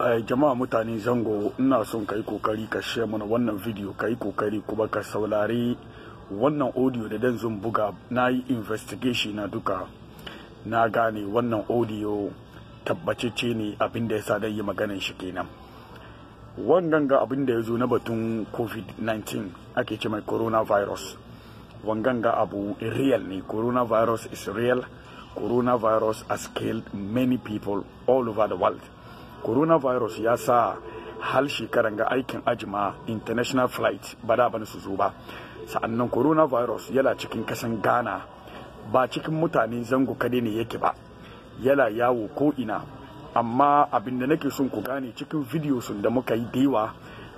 Eh, jama'a mutane zango ina son ka yi kokari ka share mana wannan video ka yi kokari kuma ka saulari wannan audio da dan zun buga na yi investigation na duka na gane wannan audio tabbacece ne abin da ya sa dan yi maganan shi kenan wannan ga abin da ya zo na batun covid-19 ake ce mai coronavirus wangan ga abu real ne coronavirus is real coronavirus has killed many people all over the world coronavirus ya sa hal shekaran ga aikin ajima international flight ba da bani su zo ba sa'annan coronavirus yana cikin kasan ghana ba cikin mutane zango kade ne yake ba yana yawo ko ina amma abin da nake son ku gane cikin video sun da muka yi daiwa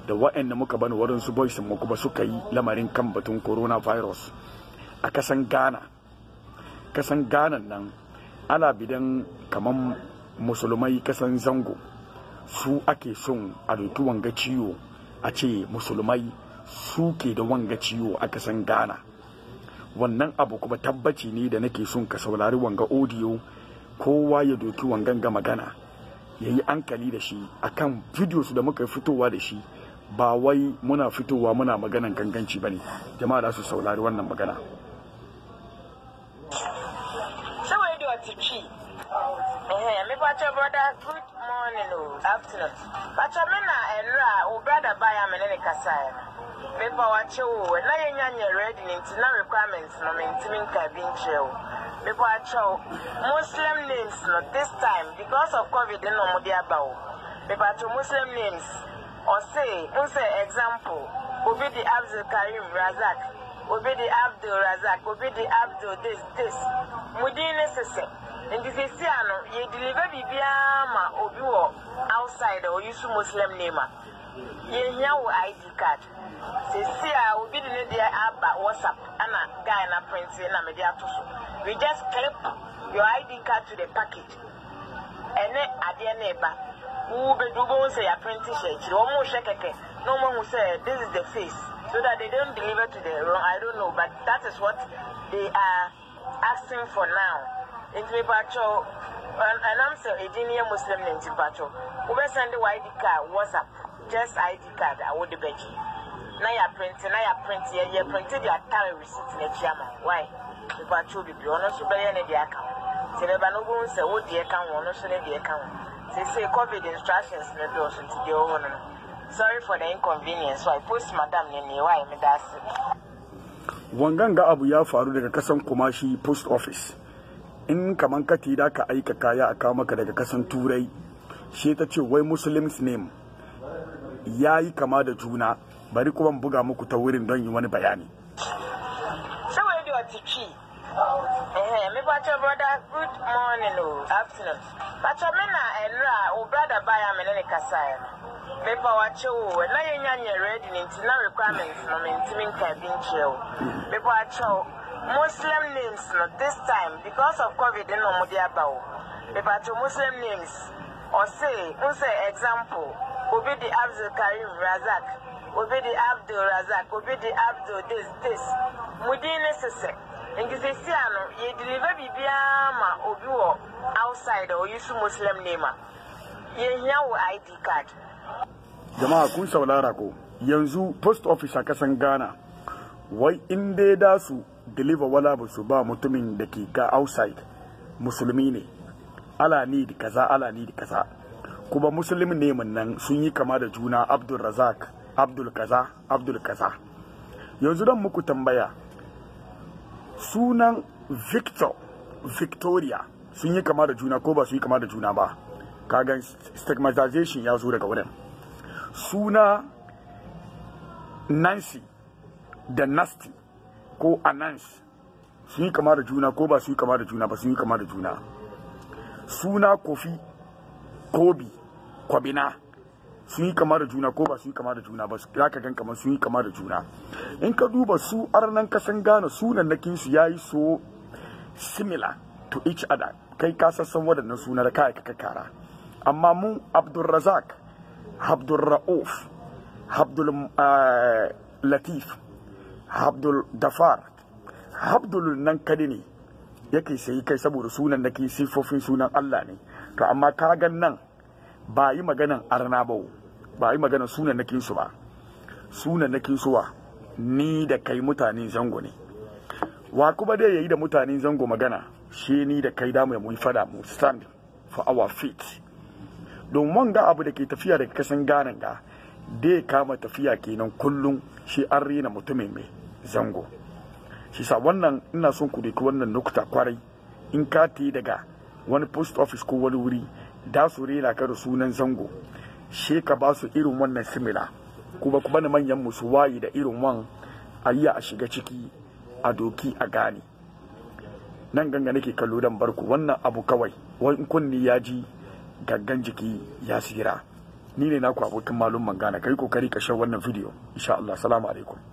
da da muka bani wurin su boys mu kuma suka yi lamarin kan batun coronavirus a kasan ghana kasan ghana nan ana bidan kaman musulmai kasan zango su ake son a doki wanga ciwo a ce musulmai su ke da wanga ciwo a kasan ghana wannan abu kuma tabbaci ne da nake son ka saurari wanga audio kowa ya doki wangan ga magana ya yi ankali da shi akan su da muka fitowa da shi ba wai muna fitowa muna maganan ganganci ba ne jama'a da su saurari wannan magana Pacho brother, good morning or oh. afternoon. Pacho mena enra o oh, brother by a menene kasaya. Mepa wache o, na yenya nye ready ninti na requirements no mentimin kabinche o. Mepa wache o, Muslim names no this time because of COVID no mudi abao. Mepa wache Muslim names or say, unse example, obi di Abdul Karim Razak, obi di Abdul Razak, obi di Abdul this, this. Mudi ne sese nti sɛsi a no yɛdeliver biribiara ma obi wɔ outside a ɔyi muslim name a yɛhia wɔ id card sɛsi a obi de ne deɛ aba whatsapp ana guy na print na mede ato so we just clip your id card to the package ɛne adeɛ na ba wobɛdu wobɛhu sɛ yɛaprinte hyɛ akyiri wɔmohwɛ kɛkɛ na wɔmahu sɛ this is the face so that they don't deliver to the wrong i don't know but that is what they are asking for now nti mipatwɔ ɛnam sɛ ɛdin yɛ muslim ne nti patwɔ wobɛsɛnde wɔ id card whatsapp just id card a wode bɛgye na yɛaprinte na yɛaprinte yɛprinte de atare receipt n'akyi ama why mipatwɔ bibiri ɔno nso bɛyɛ ne deɛ aka ho nti bɛba no wohu sɛ wo deɛ ka ho ɔno nso ne deɛ ka ho sesei covid instructions no dɔɔso nti deɛ ɔwɔ no no sorry for the inconvenience why post madam ne ne why meda ase wanganga abuya faru daga kasan kumashi post office in kaman ka da ka aika kaya a kawo maka daga kasan turai shi ta ce wai muslims name ya yi kama da juna bari kuma buga muku ta wurin don yi wani bayani me pacha eh, brother good morning o oh, afternoon pacha me na ɛlra o brother baya me ne ne kasa ya me pa wa kye o na yi nya nyɛ ready ne nti na requirements no me ntimi nka bi nkyerɛ o me pa wa kye o Muslim names no, this time because of COVID no mo di aba o. About your Muslim names or say, say example, obi di Abdul Karim Razak, obi di Abdul Razak, obi di Abdul this this. Mudi necessary. Nti sɛ si deliver yɛdeliver biribiara ma obi wɔ outside a ɔyi so muslim name a yɛhia wɔ id card jama'a kun saurara ko yanzu post office a kasan ghana wai in dai da su deliver wala ba ba mutumin da ke ga outside musulmi ne ala da kaza ala da kaza kuma musulmi ne nan sun yi kama da juna abdul razak abdul kaza abdul kaza yanzu don muku tambaya sunan victor victoria sun yi kama da juna ko ba su yi kama da juna ba kagan stigmatization ya zo daga wurin suna nancy da nasty ko anans sun yi kama da juna ko ba su yi kama da juna ba sun yi kama da juna suna kofi kobi kwabina sun yi kama da juna ko ba sun yi kama da juna ba za ka gan kamar sun yi kama da juna in ka duba su arnan kasan gane sunan na kinsu ya yi so similar to each other kai ka sassan waɗannan suna da kaya ka kara amma mu abdulrazak abdulra'uf abdul eh, latif abdul dafar abdul nan kadi ne yake sayi kai saboda sunan da ke sifofin sunan Allah ne to amma ka gan nan ba yi maganan arna ba ba yi maganan sunan na kinsu ba sunan na kinsu ni da kai mutanen zango ne wa kuma dai yayi da mutanen zango magana shi ni da kai da mu fada mu stand for our feet don wanga abu da ke tafiya daga kasan ganin ga dai kama tafiya kenan kullum shi an rena mutumin mai zango shi sa wannan ina son ku daiki wannan lokuta kwarai in ka daga wani post office ko wani wuri da su rena ka da sunan zango she ka ba su irin wannan simila kuma kuma na manyan musu wayi da irin wan a yi a shiga ciki a doki a gane nan ganga nake kallo dan barku wannan abu kawai wani kunni ya ji gangan jiki ya tsira ni ne na ku abokin malum mangana kai kokari ka share wannan video insha Allah assalamu alaikum